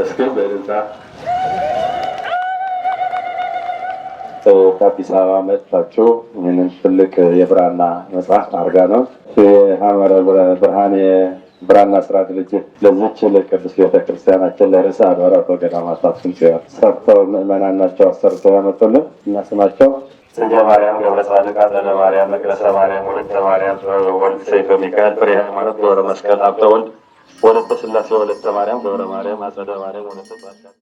That's good, isn't that? አበባ መጥታችሁ ይህንን ትልቅ የብራና መጽሐፍ አድርጋ ነው የሐመረ ብርሃን የብራና ስራ ድርጅት ለዚች ለቅዱስ ቤተክርስቲያናችን ለርዕሰ አድባራት ወገዳማት ሲሆን ሰርተው ምዕመናን ናቸው አሰርተው ያመጡልን እና ስማቸው ጽጌ ማርያም ገብረ ጻድቅ አጸደ ማርያም መቅደሰ ማርያም ወለተ ማርያም ወልድ ሰይፈ ሚካኤል ፍሬ ሃይማኖት ገብረ መስቀል ሀብተወልድ ወለተ ስላሴ ወለተ ማርያም ገብረ ማርያም አጸደ ማርያም ወለተ